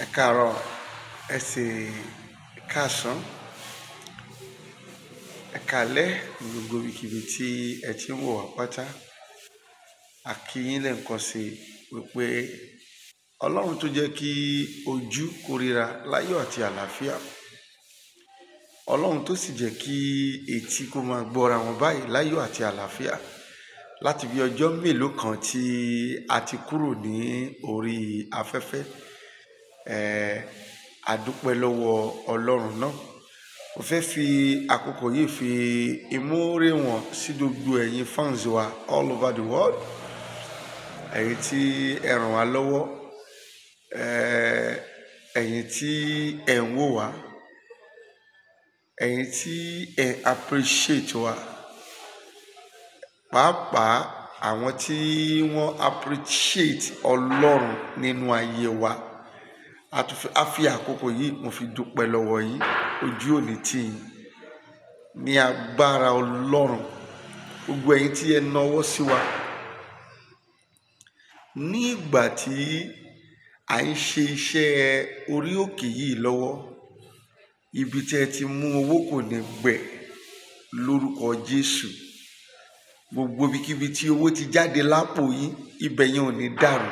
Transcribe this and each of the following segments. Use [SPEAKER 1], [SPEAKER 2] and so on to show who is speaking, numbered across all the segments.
[SPEAKER 1] ẹ káàárọ̀ ẹ sì káàsán ẹ kálẹ́ gbogbo ibikíbi tí ẹ ti ń wò wá pátá àkíyín lẹ́ǹkan sí wípé ọlọ́run tó jẹ́ kí ojú kórira láyọ̀ àti àlàáfíà ọlọ́run tó sì jẹ́ kí etí kó máa gbọ́ra wọn báyìí láyọ̀ àti àlàáfíà láti bí ọjọ́ mélòó kan tí a ti kúrò ní orí afẹ́fẹ́ àdúpẹ́ lọ́wọ́ ọlọ́run náà mo fẹ́ fi àkókò yìí fi ìmúre wọn sí gbogbo ẹ̀yin fans wa all over the world ẹ̀yin tí ẹ ràn wá lọ́wọ́ ẹ̀yin tí ẹ ń wò wá ẹ̀yin tí ẹ appreciate wa pàápàá àwọn tí wọ́n appreciate ọlọ́run nínú ayé wa a fi àkókò yìí mo fi dúpẹ́ lọ́wọ́ yín ojú òní tì yín ní agbára ọlọ́run gbogbo ẹ̀yin tí ẹ nawọ́ sí wa ní ìgbà tí à ń ṣe iṣẹ́ orí òkè yìí lọ́wọ́ ibi tí ẹ ti mú owó kò ní gbẹ lórúkọ Jésù gbogbo ibikíbi tí owó ti jáde lápò yín ibẹ̀ yẹn ò ní dàrú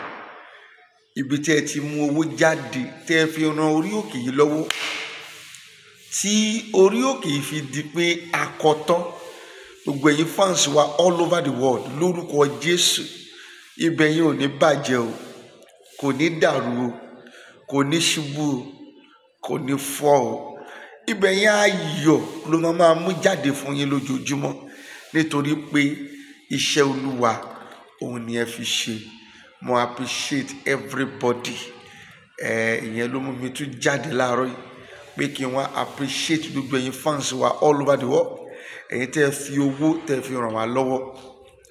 [SPEAKER 1] ibi tí ẹ ti mú owó jáde tí ẹ fi ran orí òkè yìí lọ́wọ́ tí orí òkè yìí fi di pé akọtán gbogbo ẹ̀yin fans wa all over the world lórúkọ Jésù ibẹ̀ yín ò ní bàjẹ́ o kò ní dàrú o kò ní ṣubú o kò ní fọ́ o ibẹ̀ yín ayọ̀ ló máa máa mú jáde fún yín lójoojúmọ́ nítorí pé iṣẹ́ Olúwa òun ni ẹ fi ṣe mo appreciate everybody ìyẹn ló mú mi tún jáde láàárọ̀ yìí pé kí n appreciate gbogbo ẹ̀yin fans wa all over the world ẹ̀yin tẹ́ fi owó tẹ́ fi ràn wá lọ́wọ́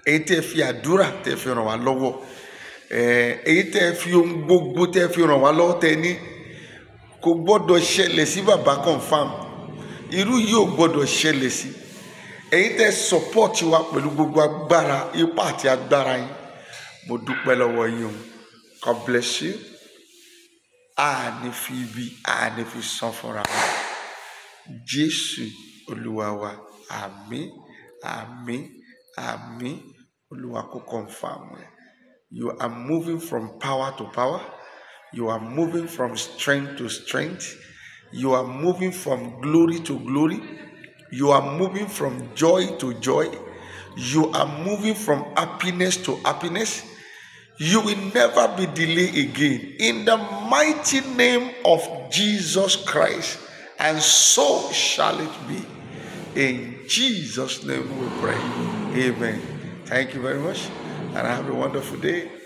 [SPEAKER 1] ẹ̀yin tẹ́ fi àdúrà tẹ́ fi ràn wá lọ́wọ́ èyí tẹ́ fi ohun gbogbo tẹ́ fi ràn wá lọ́wọ́ tẹ́ ẹ ní kò gbọ́dọ̀ ṣẹlẹ̀ sí bàbá confam irú yìí ò gbọ́dọ̀ ṣẹlẹ̀ sí èyí tẹ́ support wa pẹ̀lú gbogbo agbára ipá àti agbára yín mo dúpẹ́ lọ́wọ́ yín o God bless you àní fi ibi àní fi san fúnra wa Jésù Olúwa wa àmín àmín àmín Olúwa kó kọ̀ǹfàmù ẹ̀ you are moving from power to power you are moving from strength to strength you are moving from glory to glory you are moving from joy to joy you are moving from happiness to happiness. You will never be delayed again. In the mighty name of Jesus Christ. And so shall it be. In Jesus' name we pray. Amen. Thank you very much. And have a wonderful day.